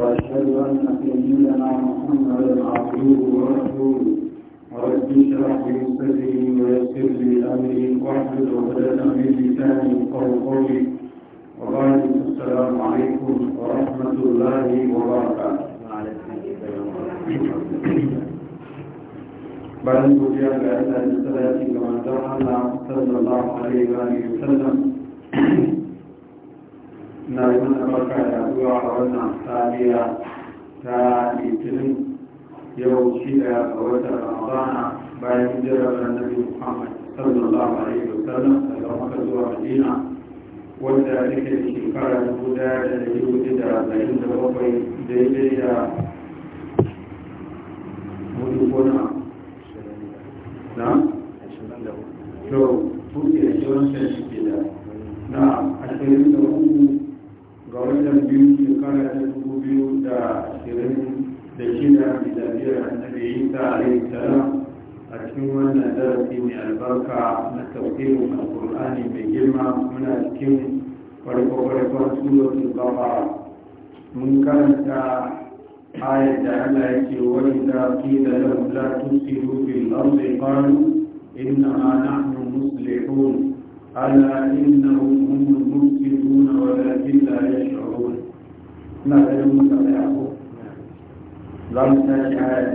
وأشهد أن سيدنا محمدا عبده ورسوله رب اشرح لي صدري ويسر لي أمري واحلل عقدة من لساني قول قولي وبعد السلام عليكم ورحمة الله وبركاته bayan godiya ga Allah da salati ga manzon Allah sallallahu alaihi wa sallam na yi mana barka da zuwa a wannan safiya ta litinin yau shi a watan ramadana bayan jirar annabi muhammad sallallahu alaihi wasallam daga maka zuwa madina wanda take da shekara dubu daya da dari hudu da arba'in da bakwai daidai da hudu gona na? to kuke da shi wancan shi ke da na ashirin da hudu watan biyu shekara ta dubu biyu da ashirin da shida miladiyar annabi isa alaihi salam a cikin wannan darasi mai albarka na tafsirin alkur'ani mai girma muna cikin farko-farkon suratul baqara mun karanta ayar da Allah yake wani da qila lahum la tusiru fil ardi qalu إنما نحن مصلحون ألا إنهم هم المفسدون ولكن لا يشعرون ما ganin mutane a ko za mu tashi haya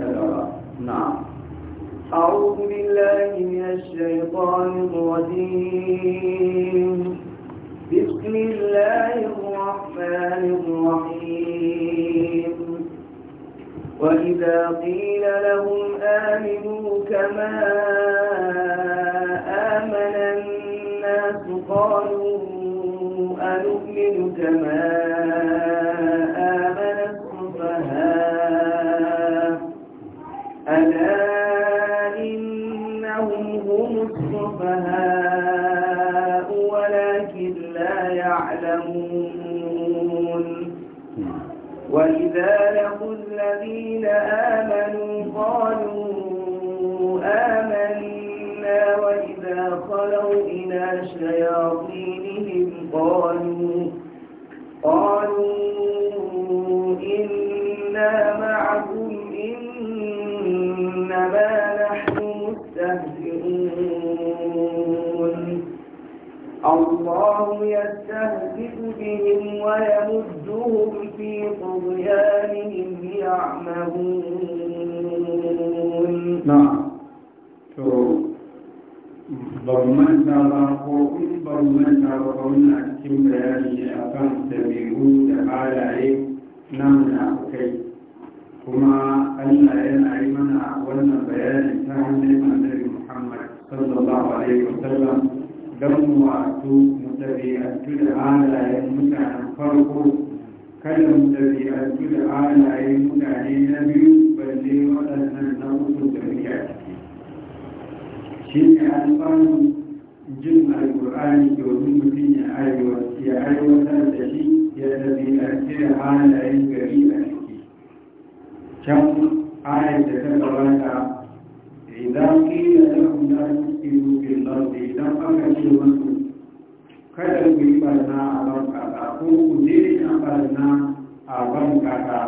أعوذ بالله من الشيطان الرجيم بسم الله الرحمن الرحيم وإذا قيل لهم آمنوا كما آمن الناس قالوا أنؤمن كما آمن الذين آمنوا قالوا آمنا وإذا خلوا إلى شياطينهم قالوا قالوا إنا معكم إنما نحن مستهزئون الله يستهزئ بهم ويمدهم في طغيانهم يعمهون نعم تو بمن نراه بمن نراه نحكم بياني أفهم تبيهون تعالى نمنا أكي كما أن أين أيمنا أولنا بياني سهل من نعم محمد صلى الله عليه وسلم دم وعطوك متبيئة كل هذا المتعن فرقه kada mu ɗabi'antu da halayen mutane na biyu balle waɗannan na mutu da muke a ciki shi ne alfanu jin alƙur'ani domin mutum ya aiwatar da shi ya ɗabi'antu da halayen gari a ciki can ayar da ta gabata idan ƙila lahum la tusiru fil ardi idan aka ce musu kada ku yi barna a ban ko ku daina barna a ban kasa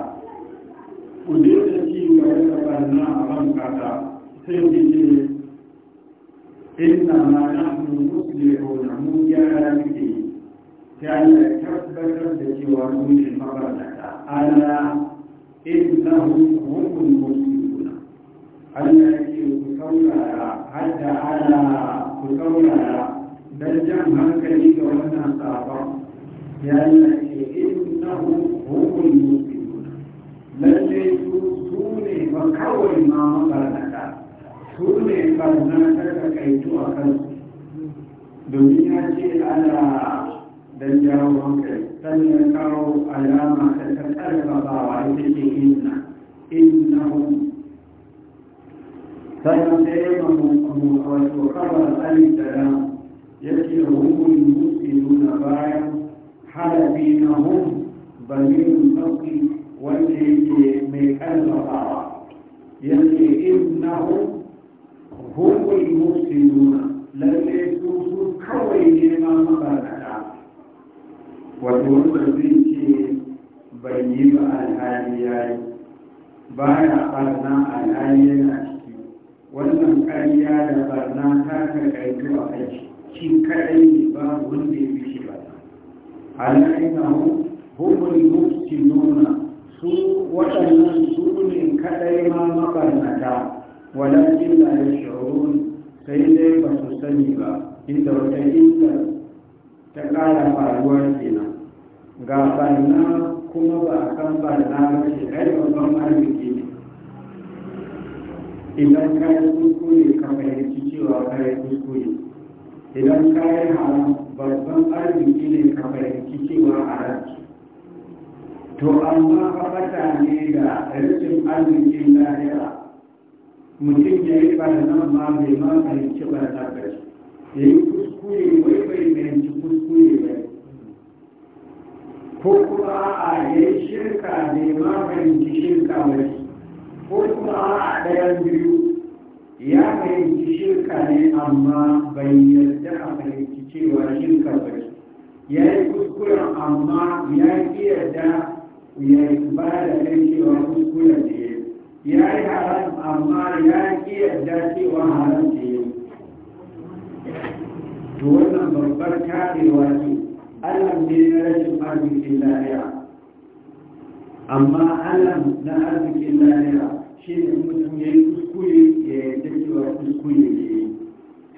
ku daina ci gaba da barna a ban kasa sai ku ce inna ma nahnu muslihuna mu gyara muke sai Allah ya tabbatar da cewa mu ne mabarnata Allah innahum humul muslimuna Allah ya ce ku saurara hadda Allah ku saurara dan jan hankali ga wannan sabon يا إنهم هم المسلمون لن يسوسوني وكوي ما مقالك سوني فرناتك كيتو أخذ دنيا شيء على دنجاو وكي تنكو علامة تتقلب ضواعيك إن إنهم فيصيبهم وتقرر السلام يكفيهم المسلمون بايعهم halabi na hun sauki wanda yake mai ƙarfafawa yake innahu hun hukun musuluna lalle su su kawai neman mabarata wato wanda zai ce bai yi ba alhali ya yi ba ya ɓarna alhali yana ciki wannan ƙarya da barna ta karkaitu a aiki shi kaɗai ne ba wanda ya fi shi ba ala innahu humul muftinuna su waɗannan su ne kaɗai ma mabarnata walakin la yash'urun sai dai ba su sani ba inda wata inda ta ƙara faruwa kenan ga barna kuma ba a kan barna ba ce ai babban arziki ne idan ka yi kuskure ka fahimci cewa ka yi kuskure idan ka yi haram babban arziki ne ka fahimci cewa a ranki to amma fata ne da rikin arzikin lahira mutum ya yi barnan ma bai ma fahimci barnar da su ya yi kuskure wai bai fahimci kuskure ba ko kuma a ya yi shirka ne ma fahimci shirka ba ko kuma a ɗayan biyu ya fahimci shirka ne amma bai yarda a fahimci cewa yin kafari ya yi kuskuren amma ya fi yarda ya ba da ɗan cewa kuskuren da ya yi ya yi haram amma ya fi yarda cewa haram da ya yi to wannan babbar kafewa ce allah ne na rashin arzikin lafiya amma allah na arzikin lafiya shi ne mutum ya yi kuskure ya yarda cewa kuskure ne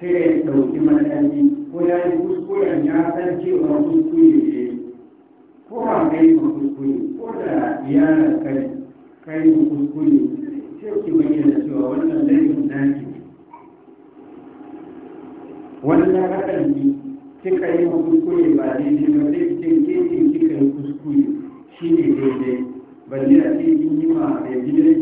sai ya ɗauki matsayi ko ya yi kuskuren ya san cewa kuskure ne ko ba kai yi kuskure ko da iyalar kai kai yi kuskure sai ki bayyana cewa wannan laifin naki ne wannan hakan ne kika yi kuskure ba daidai ba zai ki ce ke kika yi kuskure shi ne daidai balle a ce kin yi ma daidai gidan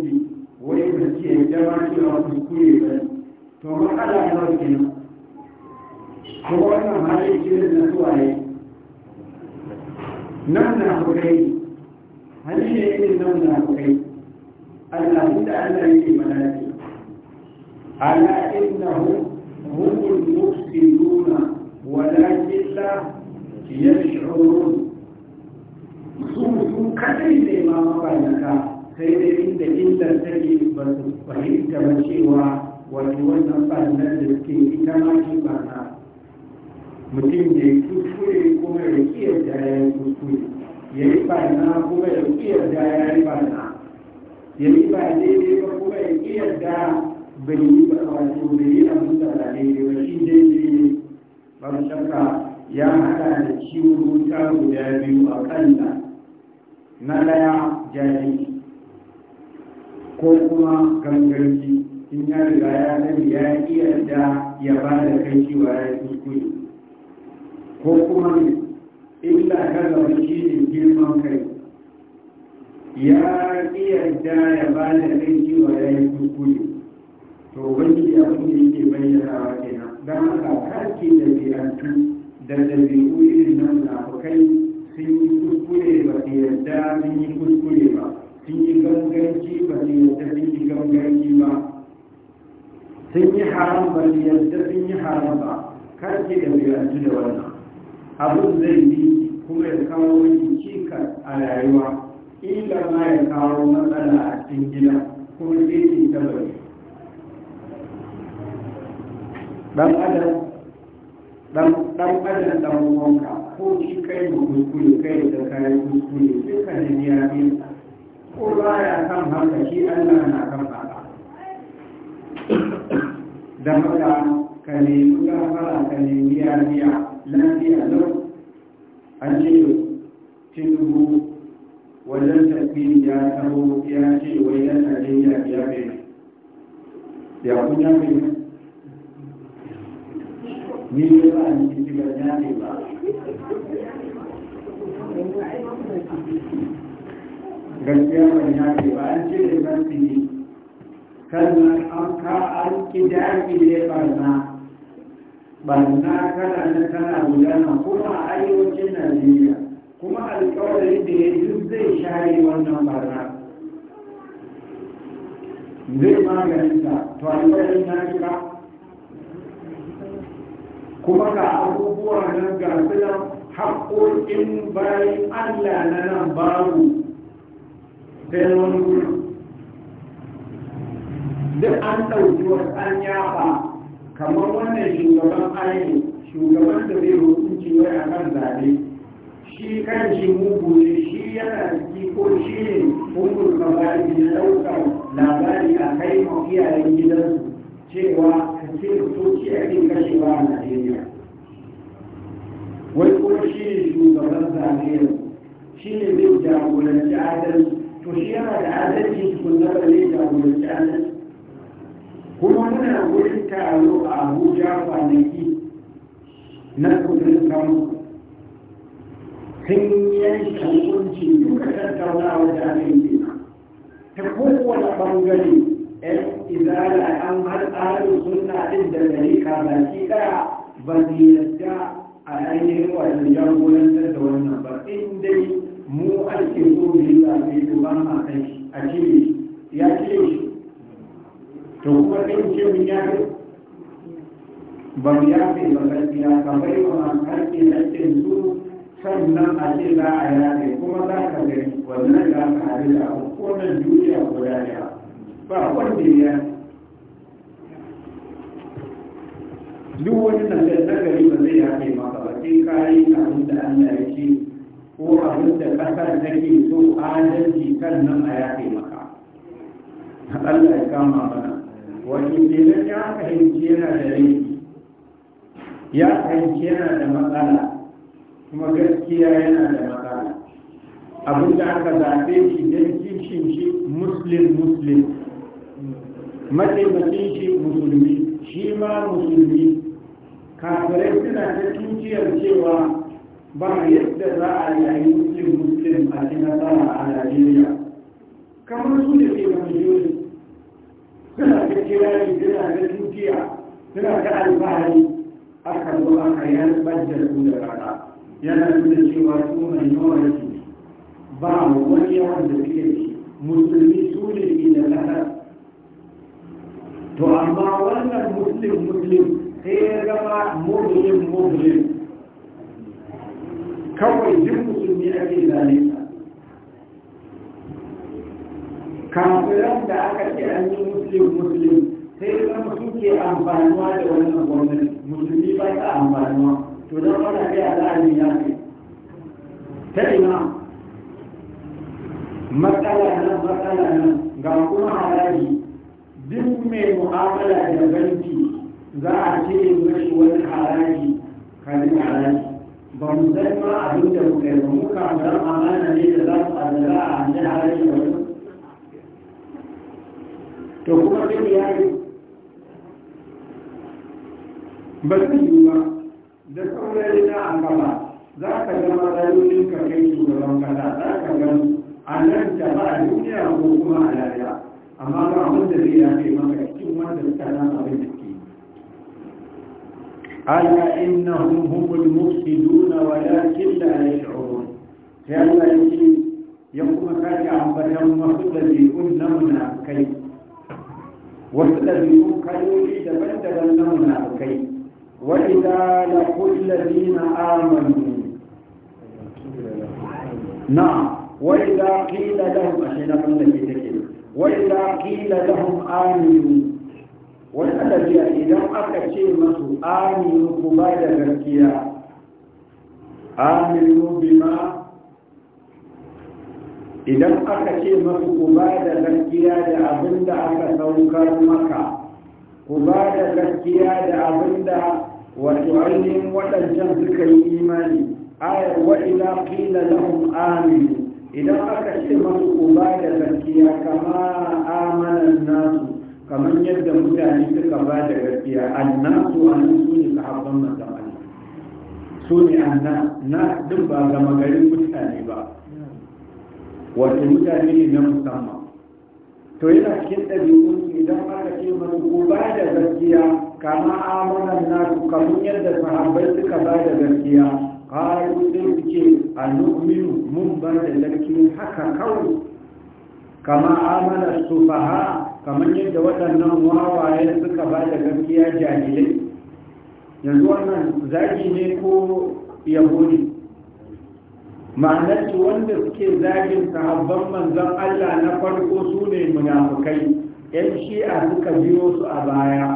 haram ba ne yadda sun yi haram ba kar ki ɗabi'antu da wannan abin zai yi kuma ya kawo miki cika a rayuwa Inda ma ya kawo matsala a cikin gida kuma zai ci ta bari dan adam dan adam dan wanka ko shi kai da kuskure kai da kayan kuskure duka ne ya ko ba ya kan haka shi Allah na da maka ka nemi gafara ka nemi yariya lafiya lau an ce tinubu wajen tafi ya taho ya ce wai yana jin ya biya bai ya kun ya bai ni ne ba ni ci ba ya ne ba gaskiya ban ya ba an ce da ban kalmar an ka an ne barna barna kana na kana gudana kuma a arewacin najeriya kuma alkawarin da ya duk zai share wannan barna zai maganinta to alkawarin na kira kuma ga abubuwa na ga sunan haƙoƙin bayan allah na nan babu sai wani gudu duk an ɗauki wasu an ba, kamar wannan shugaban ayin, shugaban da zai hukunci wai a kan zaɓe shi kan shi mugu ne shi yana ciki ko shi ne mugun labari na ɗaukar labari a kai ma iyayen gidansu cewa ka ce soci a kan kashewa a Najeriya. Wai kuma shi ne shugaban zaɓe yanzu shi ne zai jagoranci adalci to shi yana da adalci tukunan da zai jagoranci adalci kuma muna wurin taro a abuja kwanaki na kudin samu sun yi hukunci duka tattaunawa da aka yi ta kowane bangare yan izala an har tsarin suna ɗin da gari kazaki ɗaya ba ziyarta yadda a ainihin wajen jagorantar da wannan ba in dai mu ake so ne zaɓe to ba ma kai a shi ya ce to kuma sai ce mun ya kai ba mu ya kai ba gaskiya ka bai wa haƙƙi na cin su sannan a ce za a yaƙe kuma za ka gani wannan za ka haɗu da wannan duniya guda ɗaya ba wanda ya duk wani nan nagari ba zai yaƙe maka ba sai ka yi abin da Allah ya ce ko abin da ƙasar take so adalci kan nan a yaƙe maka Allah ya kama mana wani kenan ya fahimci yana da rinki ya fahimci yana da matsala kuma gaskiya yana da matsala abin da aka zaɓe shi don kishin shi muslim muslim mataimakin shi musulmi shi ma musulmi kafirai suna ta tuciyar cewa ba yadda za a yi muslim muslim a cikin nasara a najeriya kamar su da ke da suna da kirari suna da dukiya suna da alfahari aka zo aka yarbar da su da rana yana nuna cewa su mai yawan su ba mu wani yawan da suke ci musulmi su ne ke da kasar to amma wannan muslim muslim sai ya zama muslim muslim kawai duk musulmi ake zalunta kafiran da aka ce an yi muslim muslim sai zama suke amfanuwa da wannan gwamnati musulmi ba ta amfanuwa to don wani ne a za'ani ya ce ta ina matsala nan matsala nan ga kuma haraji duk mai mu'amala da banki za a ce mashi wani haraji kalin haraji ba mu san ma abin da mu kai ba mu kamar amana ne da za su a a hanyar haraji ba. to kuma zai ya yi ba zai yi ba da saurari na an gaba za ka zama rayuwar ka kai shugaban kasa za ka gan a nan da ba a duniya ko kuma a yaya amma ba abin da zai yafe maka cikin wanda suka nan abin da ke ala innahum humul mufsiduna walakin la yash'urun sai Allah yake ya kuma kace ambatan masu dabi'un na kai? wasu ɗabi'u kaloli daban-daban na munafukai wa idza laqul ladina amanu na wa idza qila lahum ashina kun da ke take wa idza qila lahum aminu wannan ɗabi'a idan aka ce masu aminu ku ba da gaskiya aminu bima idan aka ce masu ku ba da gaskiya da abin da aka saukar maka ku ba da gaskiya da abin da wato ainihin waɗancan suka yi imani ayar wa ila qila lahum Amin. idan aka ce masu ku ba da gaskiya kama amanan nasu kamar yadda mutane suka ba da gaskiya annasu an su ne sahabban manzon Allah su ne annas na duk ba gama garin mutane ba wato mutane ne na musamman to yana cikin ɗabi'un idan aka ce masu ko ba da gaskiya kama amuran nasu kamar yadda sahabbai suka ba da gaskiya ƙaru sai su ce a nu'minu mun ba da haka kawai kama amuran su faha kamar yadda waɗannan wawaye suka ba da gaskiya jahilai yanzu wannan zagi ne ko yahudi ma'anar wanda suke zagin sahabban manzan Allah na farko su ne munafukai yan shi'a suka biyo su a baya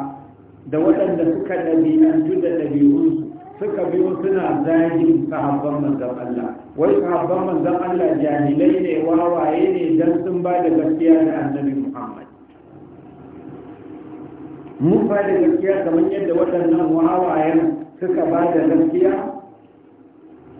da waɗanda suka ɗabi'antu da ɗabi'unsu suka biyo suna zagin sahabban manzan Allah wai sahabban manzan Allah jahilai ne wawaye ne don sun ba da gaskiya da annabi Muhammad mun ba da gaskiya kamar yadda waɗannan wawayen suka ba da gaskiya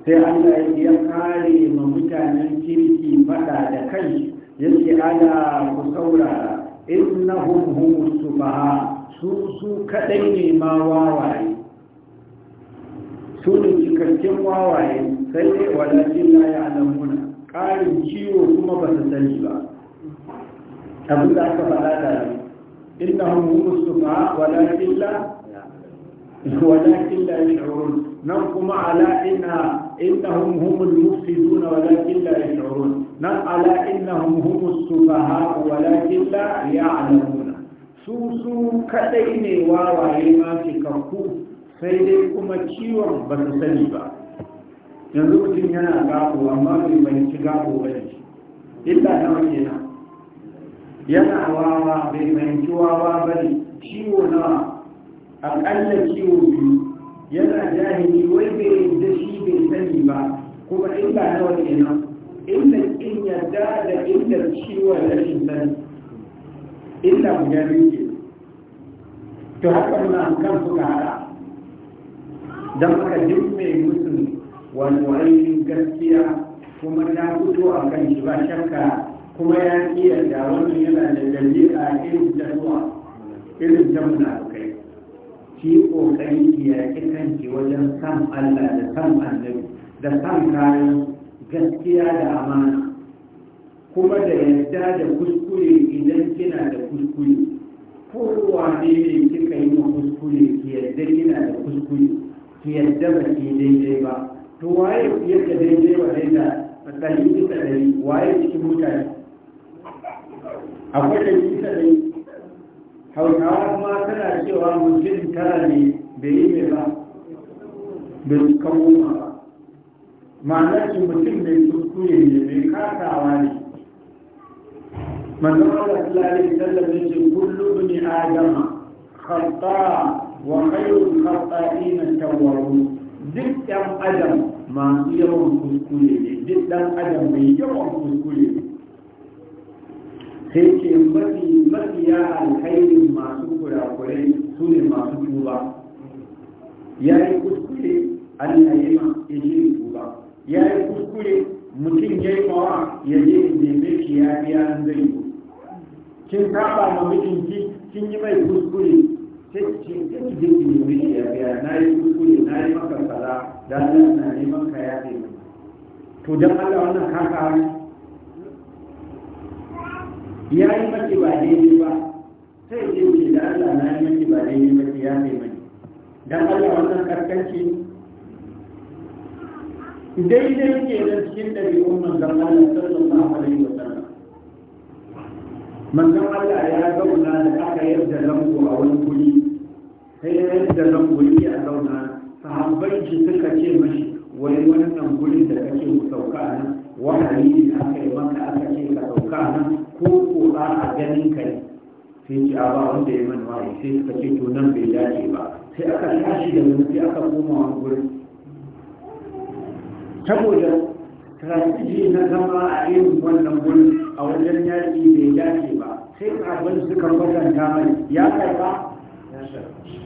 sai Allah ya kare ma mutanen kirki fada da kai yace ala ku saurara innahum humus subaha su su kadai ne ma wawaye su ne cikakken wawaye sai dai walakin la ya'lamuna karin ciwo kuma ba su sani ba abin da aka faɗa da innahum humus subaha walakin la walakin la yash'urun nan kuma ala inna إنهم هم المفسدون ولكن لا يشعرون نعم على إنهم هم السفهاء ولكن لا يعلمون سوسو كدين واواي ما في كفو سيدي كما تشيوان بسسني با yanzu mutum yana gabo amma bai fahimci gabo ba ne illa nawa kenan yana wawa bai fahimci wawa ba ne ciwo nawa akalla ciwo biyu yana jahili wai bai da shi bai sani ba kuma wani nawa kenan inda in yadda da inda ciwon rashin sani inda mu biyu ke to haka muna kan suka hada don haka duk mai mutum wani wani gaskiya kuma ta fito a kan shi ba shakka kuma ya iya da wani yana da dalila irin da irin da kai. ki ƙoƙari ki yaƙi kanki wajen san Allah da san annabi da san kayan gaskiya da amana kuma da yadda da kuskure idan kina da kuskure Ko wane ne kika yi ma kuskure ki yadda kina da kuskure ki yadda ba ki daidai ba to waye yadda daidai ba dai da ɗari bisa ɗari waye cikin mutane akwai da bisa ɗari hausawa ma tana cewa mutum tara ne bai yi mai ba bai kawo ma ba ma'ana shi mutum mai kuskure ne mai kasawa ne manzon Allah sallallahu alaihi wasallam ya ce kullu bani adama khata wa khayrul khata'in tawwabun duk ɗan adam masu yawan kuskure ne duk ɗan adam mai yawan kuskure ne sai ce mafi mafiya alkhairin masu kurakurai su ne masu tuba ya yi kuskure allah ya ya je tuba ya yi kuskure mutum ya yi mawa ya je neme shi ya yi an zai yi kin kaba ma mijinki kin yi mai kuskure sai ki je ki neme shi ya biya na yi kuskure na yi maka kaza da allah na neman ka ya to dan allah wannan kaka ya yi mace ba daidai ba sai ce mai da Allah na yi mace ba daidai ba ya mai maki dan Allah wannan karkanci daidai ke da cikin ɗabi'un manzon Allah sallallahu alaihi wa sallam manzon Allah ya zauna da aka yadda zango a wani guri sai ya yadda zango ya zauna sahabbai shi suka ce mashi wai wannan gurin da kake sauka nan wahayi sai ji a ba wanda ya man wahayi sai suka ce to nan bai dace ba sai aka tashi da wani sai aka koma wani gurin saboda strategy na zama a irin wannan gurin a wajen yaƙi bai dace ba sai abin suka kwatanta mai ya kai ba?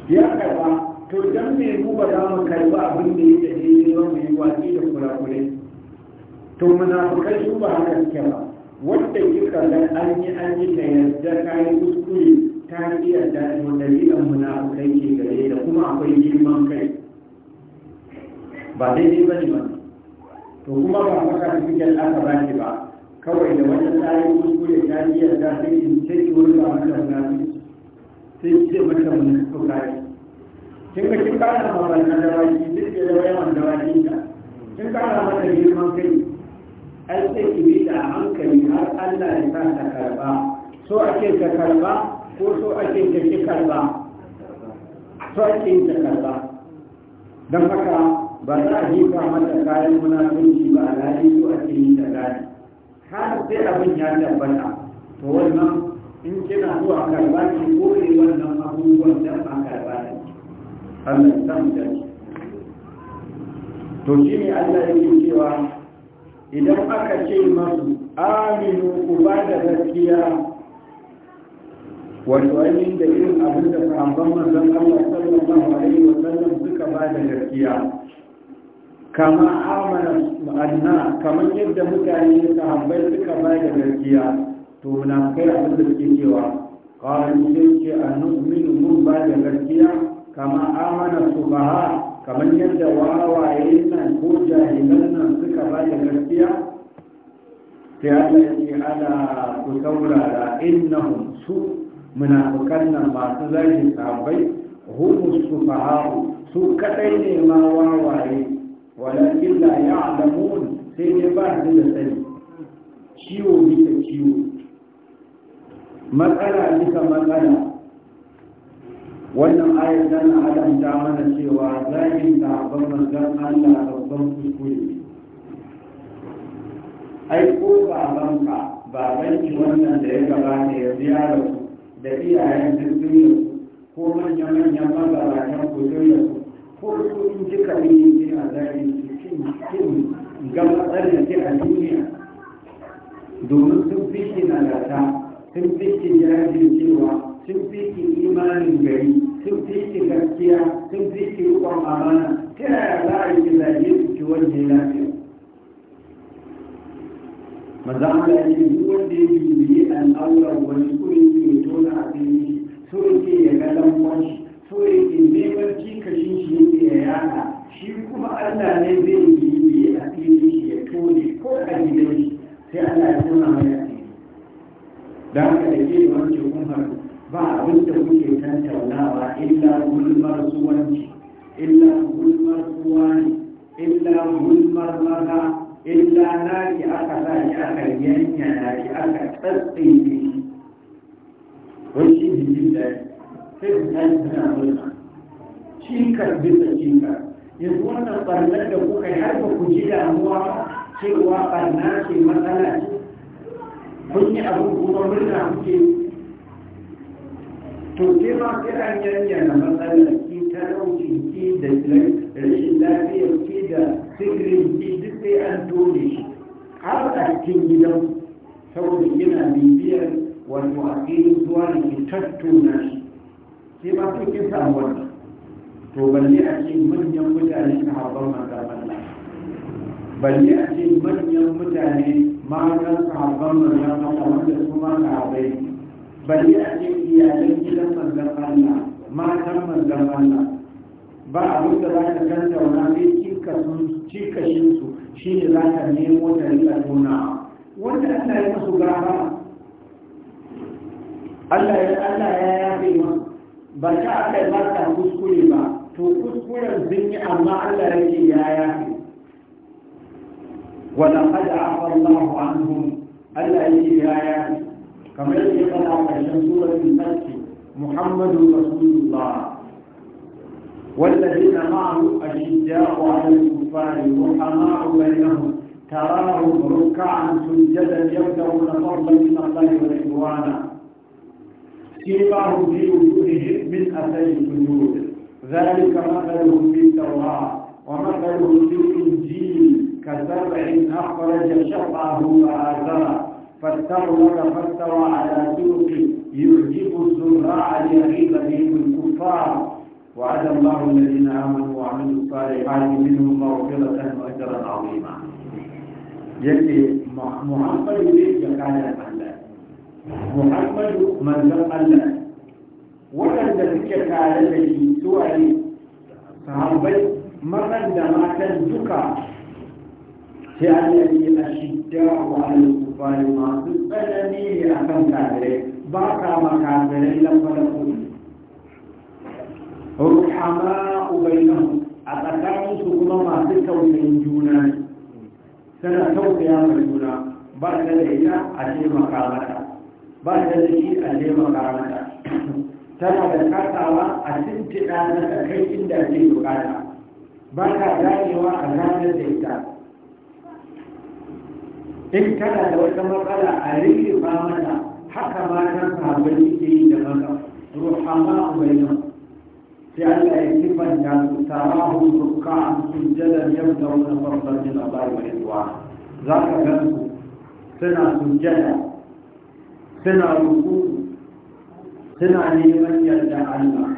ya kai ba? to don me mu ba za mu karba abin da yake ne ba mu yi watsi da kurakurai to munafukai su ba haka suke ba wanda kika ga an yi an yi da yadda kayan kuskure ta ki yarda mu dalilan munafukai ke gare da kuma akwai girman kai ba daidai ba ne ba to kuma ba maka cikin aka ba ki ba kawai da wajen tsarin kuskure ta yi yarda sai in ce ki wurin ba maka munafukai sai ki ce maka munafukai kin ga kin kana ma wannan dawaki duk da yawan dawakin ka kin kana mata girman kai ai sai ki bi da hankali har Allah ya sa ta karba so ake ta karba ko so ake ta ki karba so ake ta karba don haka ba za a yi jefa mata kayan munafunci ba a lafi so ake yi ta gani har sai abin ya tabbata to wannan in kina zuwa karba ki kore wannan abubuwan da ba karba da Allah ya samu da to shi ne Allah yake cewa idan aka ce masu aminu ku ba da gaskiya wato ainihin da irin abin da sahabban manzon Allah sallallahu alaihi wa sallam suka ba da gaskiya kama amana ma'anna. kamar yadda mutane sahabbai suka ba da gaskiya to kai abin da suke cewa qalu sai ce annu'minu mun ba da gaskiya kama amana subaha kamar yadda wawaye nan ko jahilan nan suka ba da gaskiya sai Allah ya ce ala ku saurara innahum su munafukan nan masu zagin sahabbai humus sufaha'u su kadai ne ma wawaye walakin la ya'lamun sai ne ba su da sani ciwo bisa ciwo matsala bisa matsala wannan ayar adam ta mana cewa zagin sahabban manzon Allah babban kuskure ai ko ban ki wannan da ya gabata ya ziyara da iyayen duniya ko manya-manyan mabaratan ku su ko ji jika ne ne a zagin cin cin gama tsarin ke a duniya domin sun fi shi nalata sun fi shi cewa. sun fi ki imanin gari sun fi ki gaskiya sun fi ki rukon amana ta yaya za a yi zaɓe su ci wanda ya lafiya maza Allah ne duk wanda ya bibiyi al'aurar wani kuri ke tona a fili so yake ya ga lambon shi so yake neman cikashin shi yake ya yaka shi kuma Allah ne zai yi biye-biye a fili shi ya tone ko a gidan shi sai Allah ya tona mai a fili da haka da ke wanke kun harku ba abin da muke tantaunawa illa gulmar suwanci illa gulmar suwani illa gulmar maza illa naki aka sa shi aka yanya naki aka tsatsin shi wani shi ne. da sai ku yi suna murna cikar bisa cikar yanzu wannan ɓarnar da kuka yi har ba ku ji damuwa ba cewa ɓarna ce matsala ce kun yi abin kuma murna kuke to ke ma sai an yanya na matsalar ki talaucin ki da rashin lafiyar ki da sirrin ki duk sai an tone shi har a cikin gidan saboda yana bibiyar wato a filin zuwa da ke tattuna shi sai ma sai kin samu wannan to balle a ce manyan mutane na haɓar manzan balle a ce manyan mutane ma kan sahabban manzan Allah wanda su ma sahabbai bari a ce iyalan gidan manzan Allah matan manzan Allah ba abin da za ka tattauna sai cikashin su shi ne za ka nemo da rika tona wanda Allah ya masu gaba Allah ya Allah ya yafe ma ba ta aka yi mata kuskure ba to kuskuren sun yi amma Allah ya ce ya yafe wala qad afa Allahu anhum Allah ya ce ya yafe كما yadda ya سورة ƙarshen محمد رسول الله والذين معه أشداء على الكفار رحماء بينهم تراهم ركعا سجدا يبدأون فضلا من الله ورضوانا سيماهم في وجوههم من أثر السجود ذلك مثلهم في التوراة ومثلهم في الإنجيل كزرع أخرج شقه فآزره فاستغرق فاستوى على سوقه يعجب الزراع ليغيب بهم الكفار وعد الله الذين امنوا وعملوا الصالحات منهم مغفره واجرا عظيما. يأتي محمد ليس كان الله محمد من الله waɗanda ولن tare da shi صحابي sahabbai maɗanda matan duka sai an yi a kuffari masu tsanani ne a kan kafirai ba ka ma kafirai lambalar kuɗi rukama ubainahu a tsakanin su kuma masu tausayin juna ne tana tausaya ma juna ba ta da ita a taimaka mata ba ta da shi a taimaka mata tana da kasawa a tuntuɗa da kai inda ake bukata ba ka ganewa a ranar da ita in kana da wata matsala a rike ba mana haka ma kan samu suke yi da maza ruhama bainahum sai Allah ya sifanta su tarahu yau da wani farfar min Allah wa ridwan zaka ga su suna sujjada suna ruku suna neman yarda Allah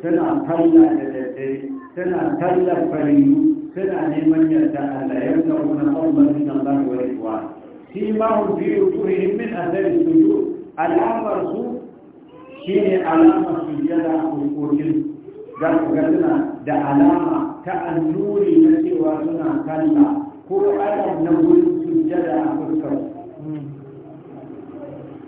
suna talla da daddare suna tallar fari. suna neman yarda Allah ya rika kuma Allah min Allah wa ridwa shi ma hu bi yuturihim min athari sujud al'amar su shine alama sujada ko kokin za ku ga suna da alama ta annuri na cewa suna kalla ko alam na gurin sujada a fuskar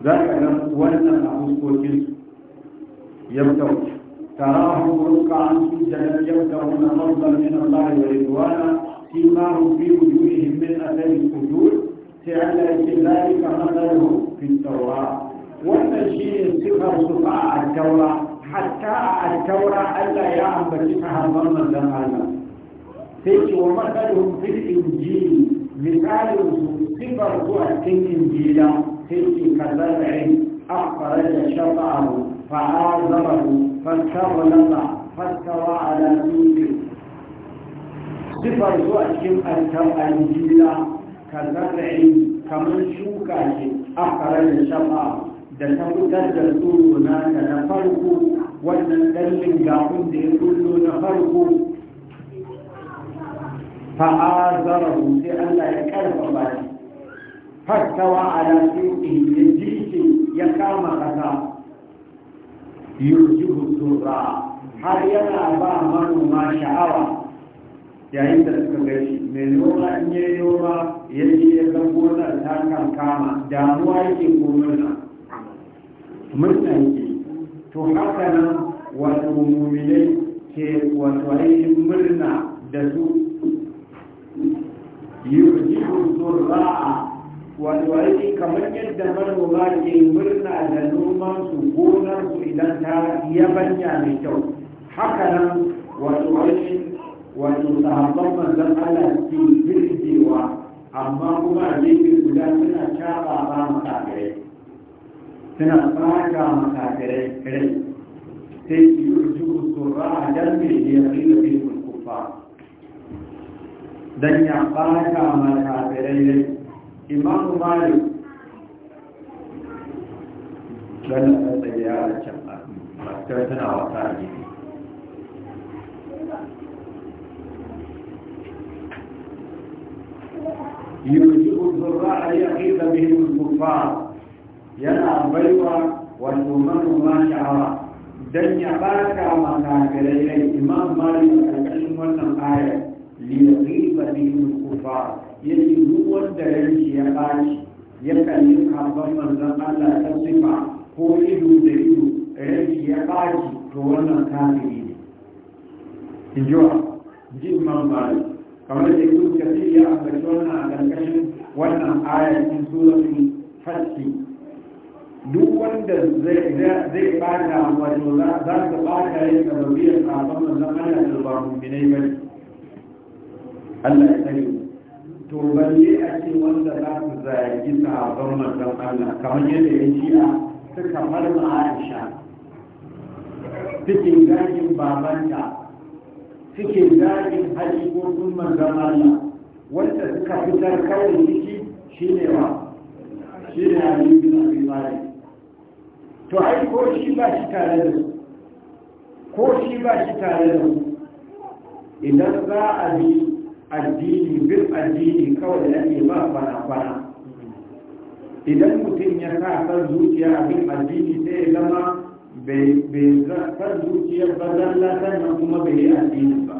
za ka ga wannan a fuskokin su yabtau تراه ركعا سجدا يبدأون فضلا من الله ورضوانا فيما هم في وجوههم من اثر السجود فعل كذلك نظرهم في التوراه والمشي صفر صفاء التوراه حتى التوراه الا يعم فتحها ظلما دخلنا فيش ومثلهم في الانجيل مثال صفر سقاع الانجيل فيش كذلك أخرج شطعه فعاذره sifar zuwa cikin سوقه صفر سؤال الإنجيل كزرع كمن شوكا أخرج شفاه da ta fitar da tsoro na da na farko wannan ɗallin gafin da ya kullo na farko fa'azarahu sai Allah ya karfafa shi Fattawa a sai ya jike ya kama kasa yujibu tura har yana ba manoma sha'awa yayin da suka gashi mai noma in yi noma ya ce ya san gonar ta kan kama damuwa yake ko murna murna yake to haka nan wato mumilai ke wato ainihin murna da su yujibu tura wato aiki kamar yadda manoma ke murna da noman su gonar su idan ta yabanya mai kyau haka nan wato aiki wato sahabban manzon Allah ke birgewa amma kuma a gefe guda suna caba ba makafirai suna bata makafirai rai sai su yi rujuku tsorra a dan mai yari da bai kurkufa dan ya bata makafirai rai imamu malik wanda ta tsaye ya da can ba ta tana wata a gefe يوجب الزراع يقيد به الكفار yana baiwa wato manoma sha'awa don ya ba ka makarai imam malik a ƙarƙashin wannan ayar liyaqiba bihim al-kufar yace duk wanda ranci ya baci ya kalli kafan manzon Allah ta sifa ko ido da ido ranci ya baci to wannan kafiri ne in ji wa jin man bari kamar da ibn kafir ya ambaci wannan a karkashin wannan ayar cikin suratul fathi duk wanda zai bata wato za ka bata yin sababiyar kafan manzon Allah da ba mu'minai bane Allah ya tsare to balle a ce wanda za su zagi sabon manzon Allah kamar yadda ya ci a suka kamar ma'aisha. suke zagin babanta suke zagin halikokin manzon Allah wanda suka fitar kawai ciki shi ne ba, shi ne a bin Abi to ai ko shi ba shi tare da ko shi ba shi tare da su idan za a bi addini bin addini kawai ne ba kwana-kwana idan mutum ya sa san zuciya a bin addini sai ya zama bai san zuciya ba latar sannan kuma bai yi addini ba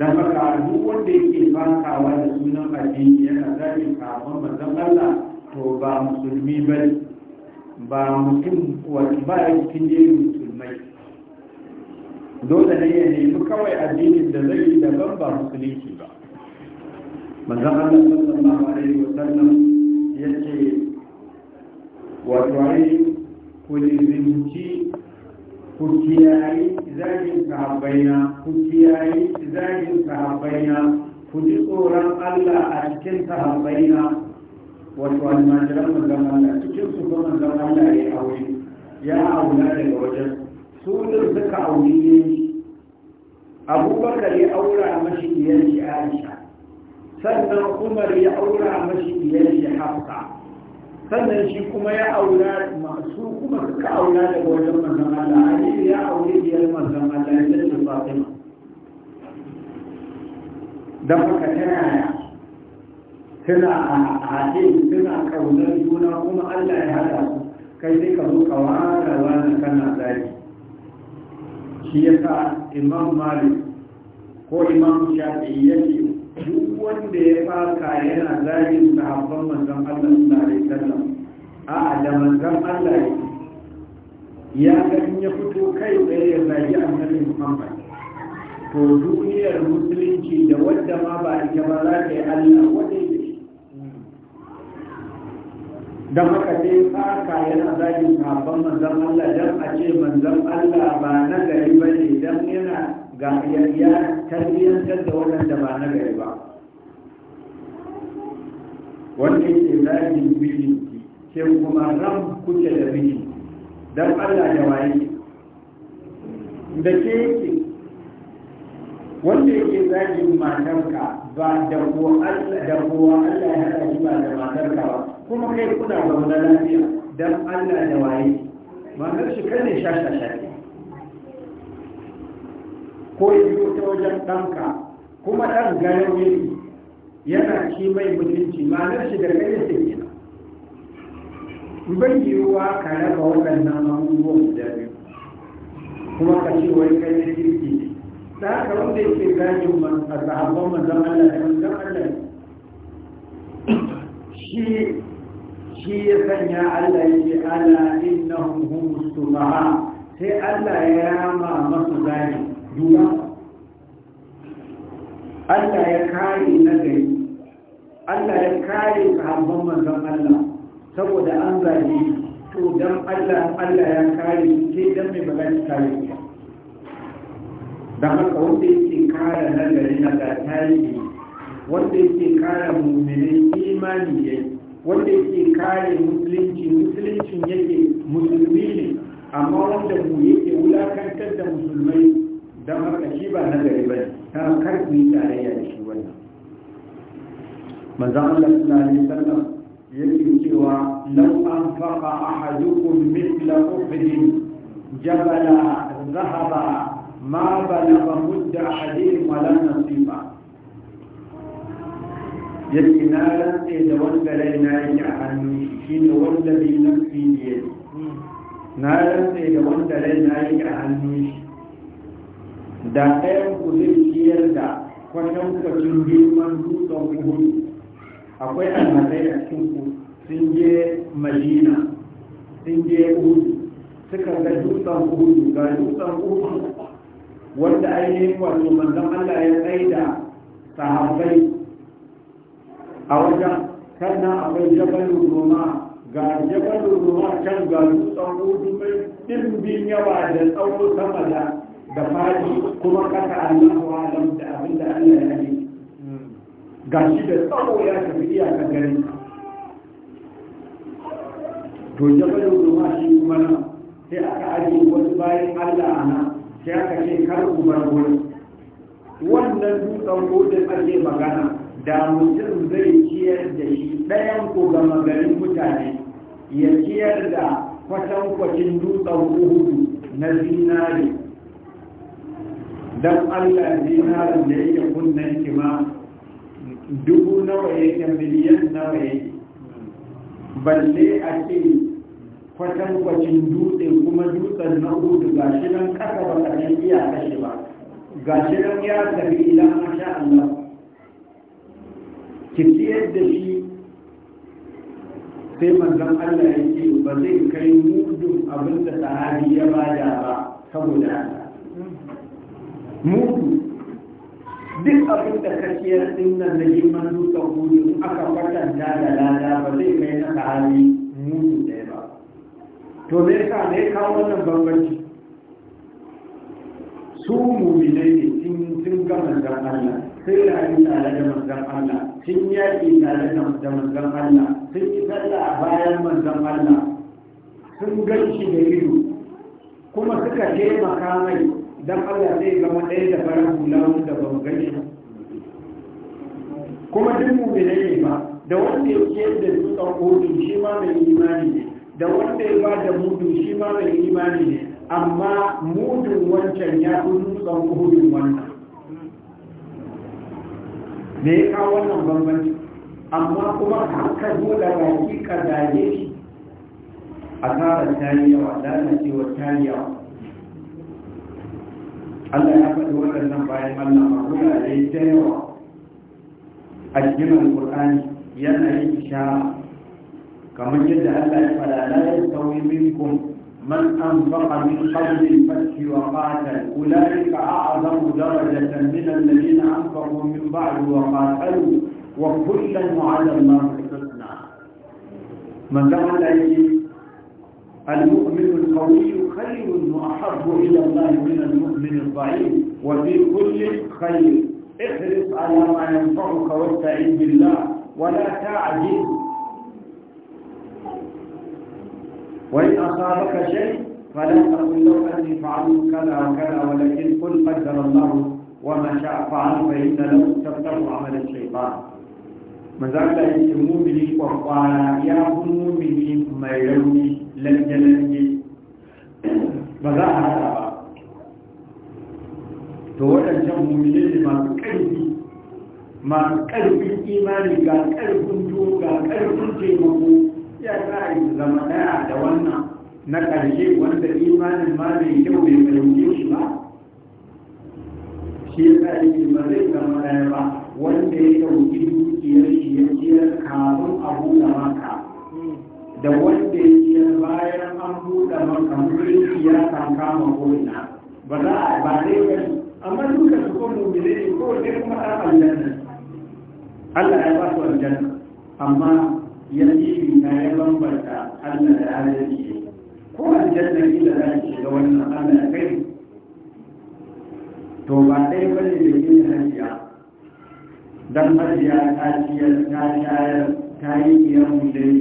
da haka duk wanda yake fakawa da sunan addini yana zafi kafin manzon Allah to ba musulmi ba ba mutum ba cikin jerin dole ne ya nemi kawai addinin da zai yi ban ba musulunci ba manzon Allah sallallahu alaihi wasallam yace wato ai ku lizinci ku kiyaye zagin sahabbaina ku kiyaye zagin sahabbaina ku ji tsoron Allah a cikin sahabbaina wato almajiran manzon Allah cikin su kuma manzon Allah ya aure ya aula daga wajen su suka aure ne abubakar ya aura mashi diyar shi aisha sannan umar ya aura mashi diyar shi hafsa sannan shi kuma ya aura masu kuma suka aura daga wajen manzon Allah Ali ya aure diyar manzon Allah ya ce Fatima dan haka tana tana a haɗe tana kaunar juna kuma Allah ya haɗa su kai sai ka zo ka wara wani kana zaki shi yasa imam malik ko imam ya ce duk wanda ya faka yana zagin sahabban manzan Allah sallallahu alaihi wasallam a da manzan Allah ya ga ya fito kai tsaye ya zagi annabi Muhammad to duniyar musulunci da wadda ma ba ita ba za ta yi Allah wadda Da haka dai faka yana zagin kafin manzan Allah don a ce manzan Allah ba na gari ba ne don yana ga ya tarbiyyantar da waɗanda ba na gari ba wanda yake zagin mijinki ke kuma ran kuke da miji don Allah da waye da ke yake wanda yake zagin matarka ba da kowa Allah ya haɗa shi ba da matarka ba kuma kai kuna na lafiya don allah da waye manar shi kai ne shashashashi ko yiwu ta wajen ɗanka kuma ɗan ganin yake yana ci mai mutunci manar shi da kai ne yi bai yiwuwa ka raba waɗannan abubuwan da biyu kuma ka ce wai kai ne kirki ne da haka wanda yake gajin sahabban manzon Allah da manzon Allah shi shi ya sanya Allah ya ce ana inna hum sufaha sai Allah ya rama masu zani duwa Allah ya kare na gari Allah ya kare sahabban manzon Allah saboda an zabi, to dan Allah Allah ya kare sai dan mai bala kare da haka wanda yake kare na gari na da tarihi wanda yake kare mu'minin imani yayi wanda yake kare musulunci musuluncin yake musulmi ne amma wanda mu yake wulakantar da musulmai da haka shi ba na gari ba ne ta kar ku yi tarayya da shi wannan manzan Allah suna alaihi sannan yake cewa law an a ahadukum mitla uhudin jabala zahaba ma balagha mudda ahadin wala nasifa. yake na rantse da wanda raina yake a hannu shi ne wanda bi nafsi ne na rantse da wanda raina yake a hannu shi da ɗayan ku zai ciyar da kwatankwacin girman dutsen kuhu akwai almasai a cikin ku sun je madina sun je uhudu suka ga dutsen uhudu ga dutsen uhudu wanda ainihin wato manzon Allah ya tsaida sahabbai a wajen kanna akwai jabalin roma ga jabalin roma can ga dutsen hudu mai ɗimbin yawa da tsawo sama da da fadi kuma kasa allahu alam da abin da allah ya yi ga shi da tsawo ya tafi iyakar gari to jabalin roma shi kuma nan sai aka ajiye wasu bayan allah a nan sai aka ce kar ku wani wannan dutsen hudun ake magana da mutum zai ciyar da shi ɗayan ko gama garin mutane ya ciyar da kwatan-kwacin dutsen uhudu na zinari don allah zinari da yake kunnen kima dubu nawa yake miliyan nawa yake balle a ce kwacin dutse kuma dutsen na uhudu ga shi nan ƙasa ba ka iya kashe ba ga shi nan ya tafi ilan masha allah ki da shi sai manzan Allah ya ce ba zai kai mudun abin da sahabi ya bada ba saboda mudu duk abin da ka din nan da liman ta hudu aka kwatanta da lada ba zai kai na sahabi mudu ɗaya ba to me ka ne ka wannan bambanci su muminai ne sun gama manzon Allah sai da tare da manzan Allah sun yaƙi tare da manzan Allah sun yi sallah bayan manzan Allah sun gan shi da ido kuma suka taimaka mai don Allah zai zama ɗaya da farar hula da ba mu gan shi kuma duk mu bai ne ba da wanda ya ce da dutsen kotu shi ma mai imani ne da wanda ya ba da mudu shi ma mai imani ne amma mudun wancan ya fi dutsen kohudin wannan me ya kawo wannan bambanci amma kuma haka zo da hakika ka zage shi a tsarin tariyawa lalacewar taliyawa Allah ya faɗi waɗannan bayan Allah ma kuma da yawa a cikin alƙur'ani yana yin sha kamar yadda Allah ya faɗa min kuma من أنفق من قبل الفتح وقاتل أولئك أعظم درجة من الذين أنفقوا من بعد وقاتلوا وكلا وعد الله الحسنى من دخل المؤمن القوي خير وأحب إلى الله من المؤمن الضعيف وفي كل خير احرص على ما ينفعك واستعن بالله ولا تعجز وإن أصابك شيء فلا تقل لو أني فعلت كذا وكذا ولكن قل قدر الله وما شاء فعل فإن لم تفتر عمل الشيطان manzan da yake mumini kwakwara ya fi mumini mai rauni lange-lange ba za a hada ba to waɗancan mumini ne masu ƙarfi masu ƙarfin imani ga ƙarfin to ga ƙarfin taimako ya za a yi zama daya da wannan na ƙarshe wanda imanin ma mai kyau bai fahimce shi ba shi ya sa yake ba zai zama daya ba wanda ya ɗauki dukiyar shi ya ciyar kafin a buɗe maka da wanda ya ciyar bayan an buɗe maka mulki ya kan kama ko'ina ba za a ba zai gani amma duka su ko mu ne ko sai kuma ɗan aljanna Allah ya ba su aljanna amma ya ce na ya bambanta Allah da adalci ko aljanna inda za ki shiga wannan Allah kai to ba dai bane da yin hajiya dan hajiya ta ciyar ta shayar ta yi iyamu dai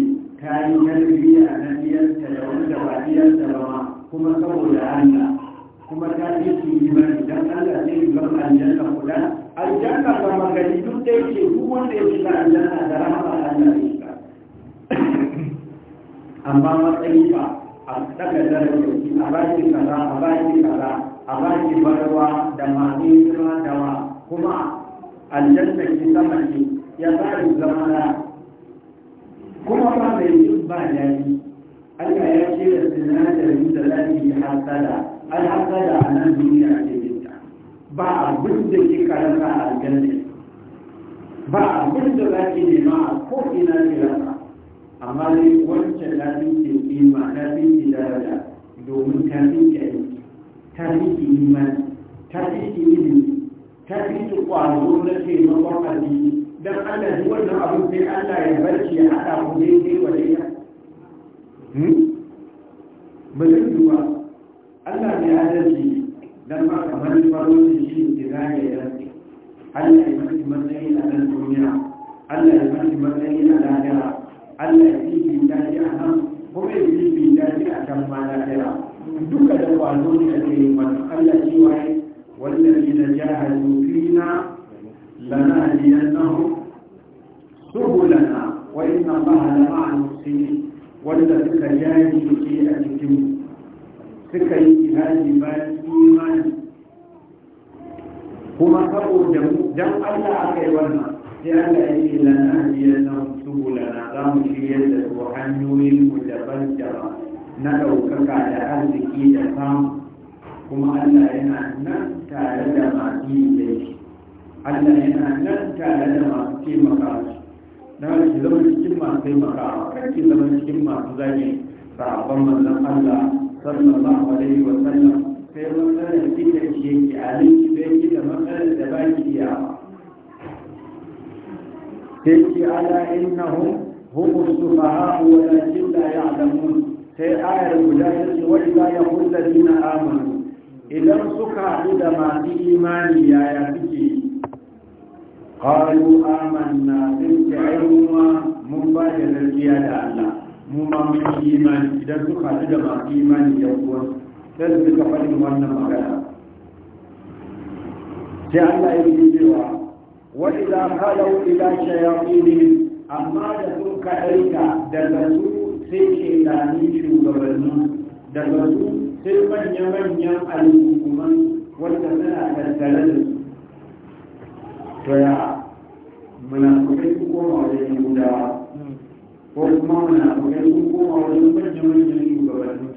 ta yi tarbiyya na diyarta da wanda ba diyarta ba ma kuma saboda Allah kuma ta yi imani dan Allah zai bar aljanna kula aljanna ba magani duk da yake duk wanda ya shiga aljanna da rahama Allah ne amma matsayi ba a daga darasi a baki kaza a baki kaza a baki barwa da masu girma da ma kuma aljanta ki sama ki ya tsari zama na kuma ba mai yi ba daɗi Allah ya ce da sinadarin da zafi hasada alhasada a nan duniya ce ba abin da ke karanta a aljanna ba abin da za nema a ko ina ke rasa amma ne wancan ta fi ke kima ta fi daraja domin ta fi ke aiki ta iman, ke ta fi ke ilimi ta fi ke kwazo na taimakon addini don allah ji wannan abin sai allah ya barci ya haɗa ku dai wa daidai hmm? ba zai yi allah ya adalci don ba kamar farin shi ke ya yi allah ya mafi matsayi a ɗan duniya allah ya mafi matsayi a lahira Allah ya ji bin daɗi a nan kuma ya ji bin daɗi a can ma na lahira Duk da kwazo ne ake yi mana Allah ji waye wallafi na jahadu fina lana liyannahu subulana wa inna Allah la ma'a muhsinin wanda suka jajirce a cikin suka yi jihadi bayan imani kuma saboda jan dan Allah aka yi wannan sai Allah ya ce lana biyan nan subulana za mu shiryar da su hanyoyin mu daban-daban na ɗaukaka da arziki da samu kuma Allah yana nan tare da masu yi da shi Allah yana nan tare da masu taimaka su na ki zama cikin masu taimaka kar ki zama cikin masu zagi sahabban manzon Allah sallallahu alaihi wa sallam sai matsalar ki da ke ki alinki bai ki da matsalar da baki ki iyawa sai ala innahum هم السفهاء ولكن لا يعلمون sai ayar guda ta ce wa idza yaqul ladina idan suka haɗu da ya imani yaya suke qalu amanna sai ai kuma mun ba da gaskiya da Allah mu ma mun idan suka haɗu da masu imani da kuwa sai suka faɗi wannan magana sai Allah ya yi cewa وإذا خلوا إلى شياطينهم amma da sun kaɗaita daga su sai ke dami shugabanni daga su sai manya-manyan al'umman wanda suna tattare da su to ya munafukai su koma wajen yahudawa ko kuma munafukai su koma wajen manya-manyan shugabanni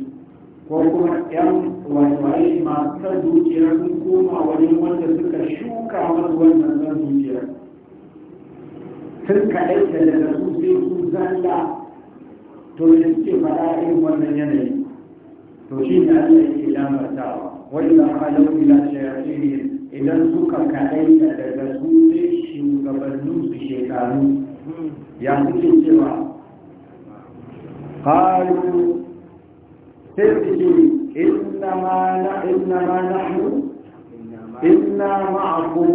ko kuma yan wani masu dukiyar sun koma wani wanda suka shuka masu wannan zan dukiyar sun kaɗaita daga su sai su zalla to da suke faɗa irin wannan yanayi to shi ne Allah yake lamartawa wanda halau ila ne idan suka kaɗaita daga su sai shugabannin su shekaru ya suke cewa قالوا sai su ce inna ma nahnu inna ma'akum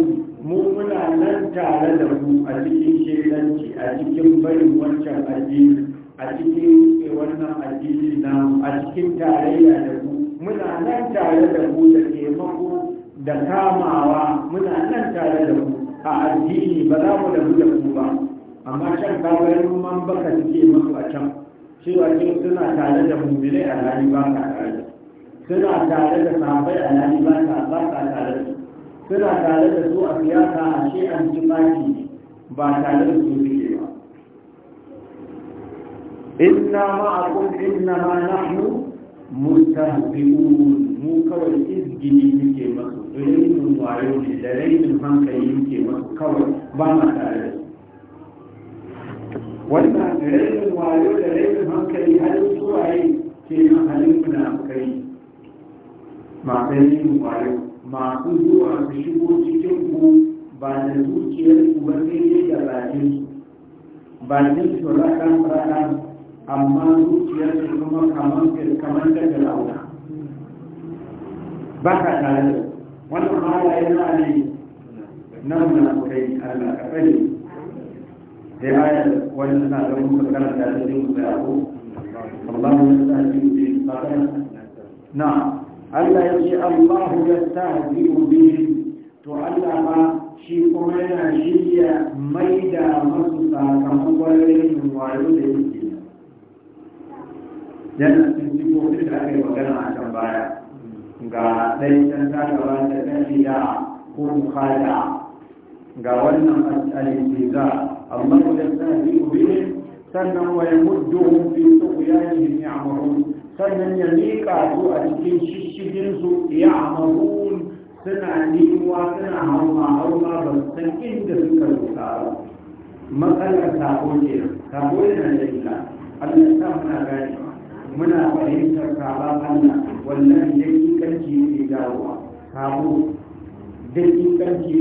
mu muna nan tare da ku a cikin shedanci a cikin barin wancan addini a cikin wannan addini na a cikin tarayya da ku muna nan tare da ku da taimako da kamawa muna nan tare da ku a addini ba za mu rabu da ku ba amma can ka bayan man baka suke masu a can cewa kin suna tare da mummire a rani ba ka tare suna tare da sahabbai a rani ba ka ba ka tare suna tare da su a siyasa a shi an jimaki ba tare da su suke ba inna ma'akum inna ma nahnu mustahbi'un mu kawai izgini muke masu rainin wayo ne da rainin hankali muke masu kawai ba ma tare da su wannan da rashin wayo da rashin hankali halin suwaye ke nan halin ma masu yin wayo masu zuwa su shigo cikin ku ba da zuciyar ku ba sai dai da bakin su bakin su rakan rakan amma zuciyar su kuma kamar kamar da galauna ba ka tare da wannan halaye na ne na munafukai Allah ka tsare sai ayar wani suna da muka karanta da zai muka yabo Allah ya sahi bi fatan na Allah ya ce Allah ya sahi bi to Allah ma shi kuma yana shirya maida masu sakamakon rashin wayo da yake yana cikin jikokin da aka yi magana a can baya ga ɗai can ta gaba da ɗan shida ko mukada ga wannan alƙalin za الله يستهزئ بهم sannan wa ya mudduhum fi tughyanihim ya'mahun sannan ya miƙa su a cikin shishigin su ya'mahun suna niwa suna hauma hauma ba san inda suka rusa ba matsalar sabo ne sabo da illa Allah ya sa muna gane muna fahimtar sabon wannan dakikanci ne dawowa sabo dakikanci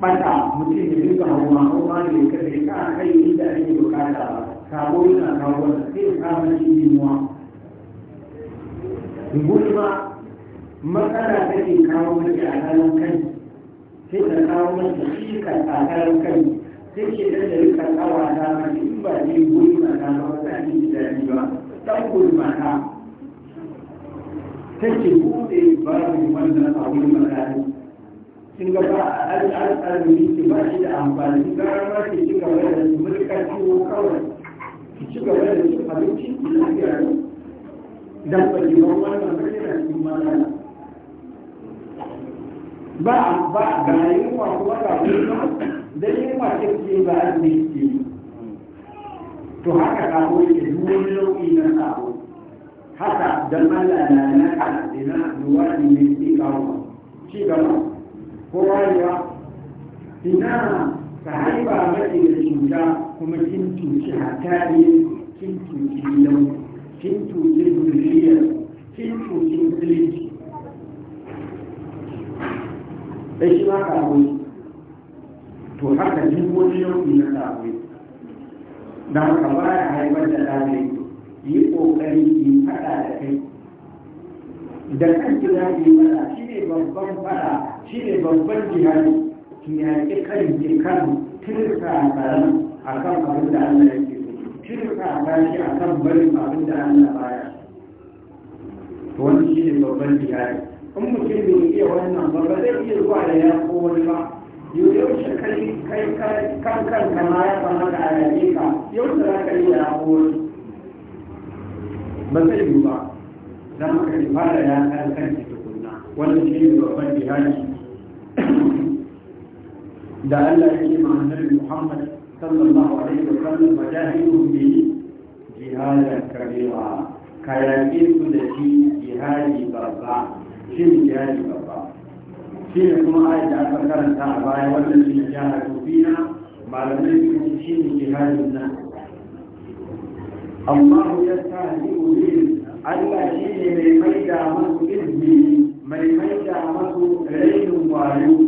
bata mutum ya duka homa homa ne ka ce ka kai inda ake bukata ba sabo yana kawo wani sai ya kama shi yiwuwa gulma matsala ke kawo mace a kanan kai sai ta kawo mace shi ka a kanan kai sai ke da rika tsawa ta mace in ba ne gulma ta ba za a yi daɗi ba ɗan gulma ta take buɗe babu wannan a gulma ta ne kin ga ba a ki ba shi da amfani gara ma ki ci gaba da mulkar ciwo kawai ki ci gaba da su abinci ki lafiya ne dan ba ki ba wannan ba yana cikin matsala ba ba ga yunwa kuma ga kuma dan ke ba ke to haka ka da duk wani nau'i na sabo haka dan Allah na na ne ke kawo ci gaba Kowa ya? ina ka haifa mace da cuta kuma kin cuci hatari kin cuci gidan kin cuci zuriyar kin cuci musulunci sai shi ma ka to haka duk wani yanki na sabuwa da haka ba ya haifar da ɗalai yi ƙoƙari yi faɗa da kai da kan ki za ki shi ne babban faɗa shi ne babban jihadi ki yaƙi kan kan tirka a tsaron a kan abin da Allah yake so tirka a tashi a kan barin abin da Allah baya wani shi ne babban jihadi in mutum bai iya wannan ba ba zai iya zuwa da ya ko wani ba yaushe kai kai kan kan kama ya kamata a yaƙe ka yaushe za ka iya ya ko wani ba zai yi ba za mu ka ibada ya kan kan tukunna wannan shi ne babban jihadi da Allah yake ma annabi Muhammad sallallahu alaihi wa sallam wajahidu bi jihadan kabira kayaki su da shi jihadi babba shi ne jihadi babba shi ne kuma ayat da aka karanta a baya wannan shi jihadu bina malamai su shi ne jihadin nan Allah ya sa ni Allah shi ne mai maida musu izini mai maida masu rainin wayo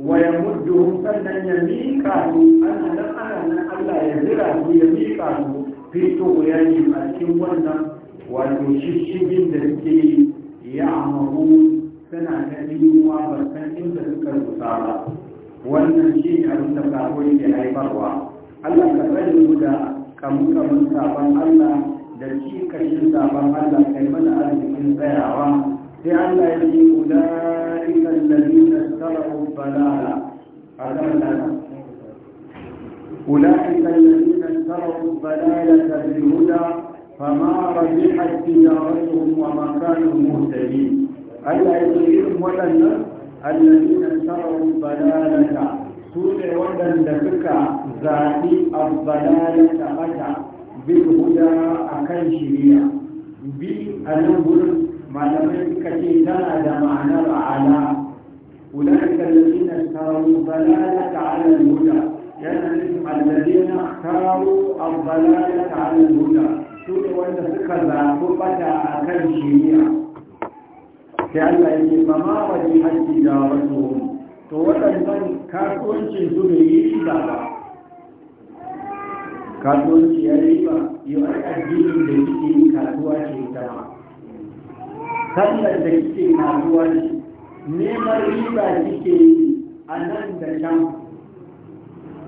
wa ya muddu sannan ya miƙa su ana nan ana nan Allah ya jira su ya miƙa su fito ya yi a cikin wannan wato shishigin da suke ya amaru suna da yiwuwa ba san inda suka rusa ba wannan shi ne abin da sabo yake haifarwa Allah ka tsare mu da kamu kamun sabon Allah da ci kashin sabon Allah kai mana arzikin tsayawa sai Allah ya ce ulaika alladhina salafu balala akan nan ulaika alladhina salafu balala bil huda fama rabihat tijaratuhum wa ma kanu muhtadin Allah su ne waɗanda suka zaɓi a mata bin huda a kan shiriya bi a nan malamai kace tana da ma'anar ala ulaika allazina tarawu dalalata ala al-huda yana nufin allazina tarawu ad-dalalata ala al-huda wanda suka zabu bada akan shiriya sai Allah yake ba ma wani hajji da wasu to waɗannan kasuwancin su ne yi shi ba kasuwanci ya yi ba yi wani addinin da yake yi kasuwa ce sallar da kike na ruwa ne neman riba kike yi a nan da can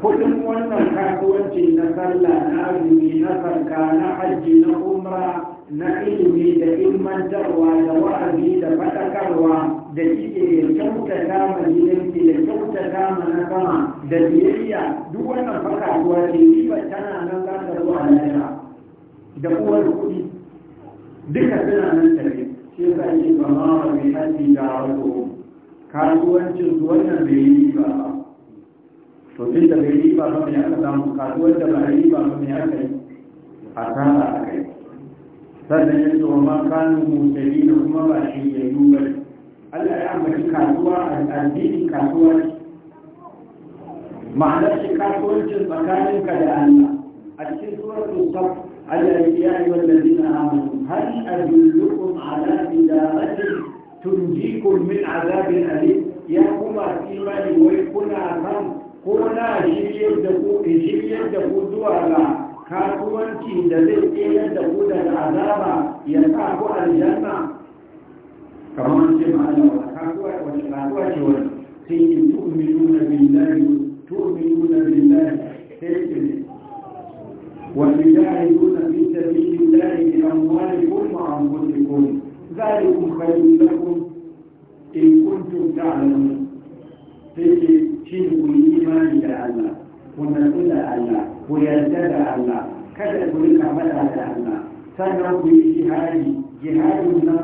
kudin wannan kasuwanci na sallah na azumi na sarka na hajji na umra na ilimi da ilmantarwa da wa'azi da faɗakarwa da kike kyauta kama gidanki da kyauta kama na sama da biyayya duk wannan fakatuwa ce riba tana nan za zuwa da uwar kuɗi duka suna nan tafi sai ka yi ba ma ba mai hajji da wato kasuwancin su wannan bai yi ba to tun da bai yi ba ba mai aka samu kasuwar da ba yi ba ba mai aka yi a kara a kai sannan ya ce wa ma kanu mutane da kuma ba shi ya yi ba Allah ya ambaci kasuwa a addini kasuwa ma'anar shi kasuwancin tsakaninka da Allah a cikin suratul saf Allah ya yi ayyuhal ladina amanu هل أدلكم على إدارة تنجيكم من عذاب أليم يا كما إيماني ويكنا من كنا شرير دكو شرير دكو دوارا kasuwanci da zai tsere da ku daga azaba ya sa ku aljanna kamar ce ma'ana wa kasuwa ce sai in والبدع في سبيل الله بأموالكم وأنفسكم ذلكم خير لكم إن كنتم تعلمون تجي شيء الإيمان إلى الله ونقول الله ويرتدى الله كذا كل عمل على الله sannan ku yi jihadi jihadin nan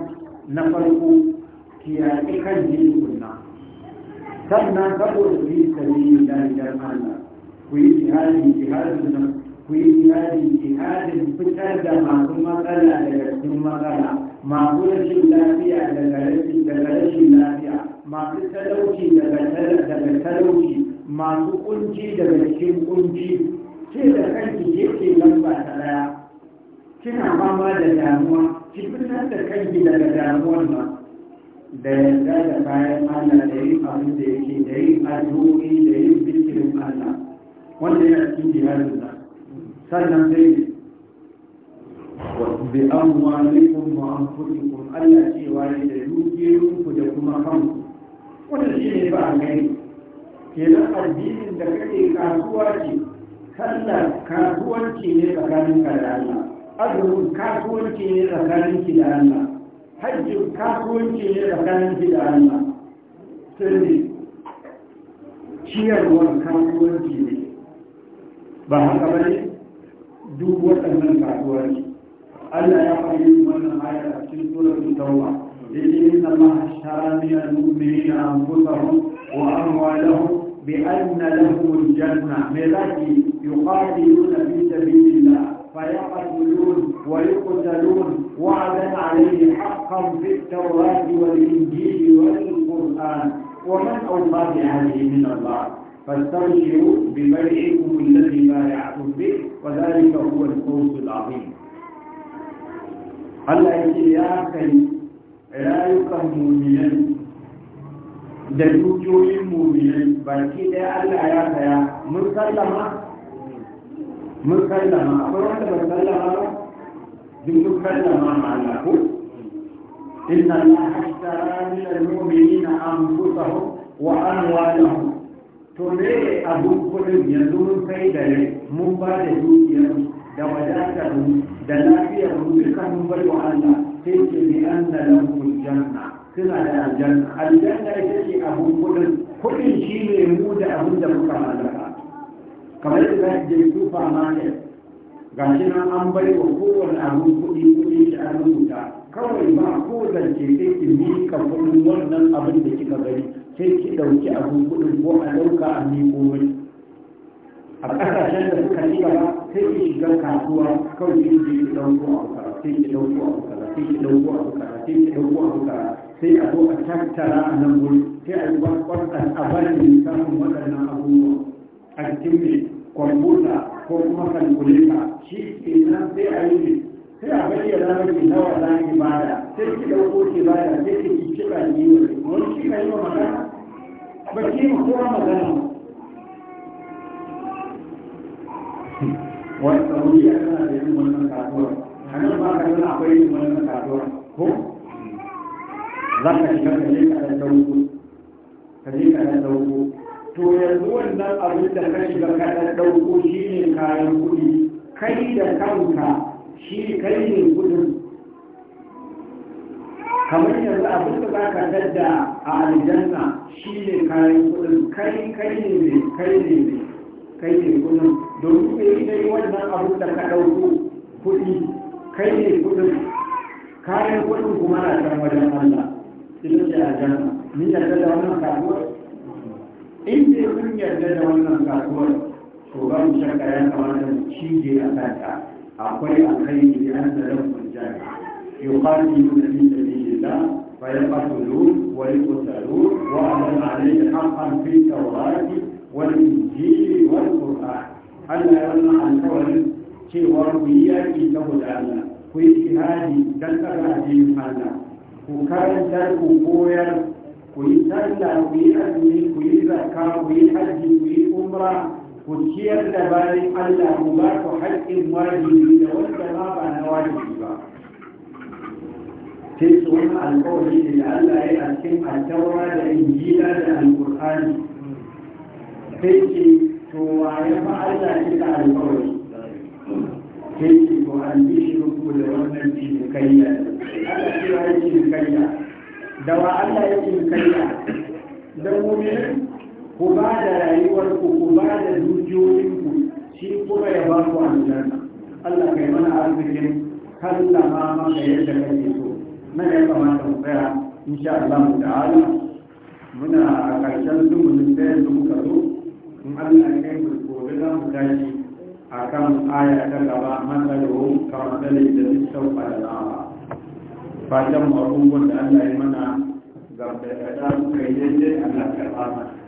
na farko ki yaƙi kan jirgin nan جهادنا ku yi jihadi ihadin fitar da masu matsala daga cikin matsala masu rashin lafiya daga rashin lafiya masu talauci daga talauci masu kunci daga cikin kunci ce da kanki ke ke lamba ta daya kina fama da damuwa ki fitar da kanki daga damuwar nan da yarda da bayan Allah da yin abin da yake da yin addu'o'i da yin bikirin Allah wanda yana cikin jihadin nan sannan sai bi an wa kuma Allah cewa ne da dukiyoyinku da kuma kanku wannan shi ne ba a gani kenan addinin da kake kasuwa ce sallar kasuwanci ne tsakanin ka da Allah azumin kasuwanci ne tsakanin ki da Allah hajjin kasuwanci ne tsakanin ki da Allah sirri ciyarwar kasuwanci ne ba haka ba ne duk waɗannan faruwa ne Allah ya faɗi wannan aya a cikin suratul tauba yace inna Allah shara min al-mu'minina anfusahum wa amwalahum bi anna lahum al-janna me zaki yuqatiluna fi sabilillah فيقتلون ويقتلون وعدا عليه حقا في التوراة والإنجيل والقرآن ومن أوصى بهذه من الله فاستبشروا ببيعكم الذي بايعتم به وذلك هو الفوز العظيم هل يا كي لا يكره مؤمنا da dukiyoyin mummunai baki ɗaya Allah ya saya mun sallama mun sallama akwai wanda ba sallama ba duk mun sallama ma Allah ko inna Allah hashtara min al-mu'minina anfusahum wa amwalahum to me abun kudin yanzu mun kai da ne mun ba da dukiyar da wadatar mu da lafiyar mu duka mun bai wa Allah sai ke ne an da lamun janna suna da aljanna aljanna ita ce abun kudin kudin shi ne mu da abin da muka mallaka kamar yadda za je super market ga shi nan an bai wa kowane abin kuɗi kuɗi shi an rubuta kawai ba ko zance sai ki miƙa kudin wannan abin da kika gani sai ki ɗauki abin kuɗin ko a ɗauka a miƙo komai. a ƙasashen da suka ci gaba sai ki shiga kasuwa kawai ki je ki ɗauko a kara sai ki ɗauko a kara sai ki ɗauko a kara sai ki ɗauko a kara sai a zo a tattara a nan gudu. sai a yi kwakwakar a bari ne samun waɗannan abubuwa a cikin mai kwamfuta ko kuma kalkuleta shi ke nan sai a yi sai a bayyana mai nawa za a yi bada sai ki ɗauko ki baya sai ki ki kira ni wa wani kira yi wa magana ba ki mu kowa magana wani tsaruri ya kana da yin wannan kasuwar a nan ba ka yana akwai yin wannan kasuwar ko za ka shiga ka je ka ɗan ɗauko ka je ka ɗan ɗauko to yanzu wannan abin da ka shiga ka ɗan ɗauko shi ne kayan kuɗi kai da kanka shi kai ne kuɗin kamar yanzu abin da za ka dadda a aljanna shi ne kayan kudin kai kai ne mai kai ne mai kai ne kudin domin da yi yi wannan abin da ka ɗauko kudi kai ne kudin kayan kudin kuma na can wajen allah ita ce aljanna mun yarda da wannan kasuwar in dai mun yarda da wannan kasuwar to ba mu shakka ya kamata mu cije a kanta akwai alkhairi an da lamun jami'a yuqatilu min الله فيقتلوه ويقتلوه وأعلن عليه حقا في التوراة والإنجيل والقرآن ألا يرمى عن كون cewar ku yi yaƙi ta Allah ku yi jihadi don tsara addinin Allah ku karanta ku koyar ku yi sallah ku yi azumi ku yi zakka ku yi hajji ku yi umra ku ciyar da bayan Allah ku ba ku haƙƙin wajibi da wanda ma ba na wajibi sai tsohon wani alkawari da Allah ya a cikin alkawara da injila da alkur'ani sai ce to wa ya fa Allah ya da alkawari sai ce to an bi shi ruku da wannan cinikayya Allah ce wa ya cinikayya da wa Allah ya cinikayya da mu'minin ku ba da rayuwarku ku ba da dukiyoyinku shi kuma ya ba ku aljanna Allah kai mana arzikin kallama maka yadda kake na ya kamata mu tsaya sha Allah mu ta'ala muna a ƙarshen zumunin da yanzu muka zo in an na kai mu gobe za mu tashi a kan aya ta gaba mata matsalohun kamar dalil da duk sau sauka da lawa fatan abubuwan da Allah ya mana ga da suka yi daidai Allah karɓa mana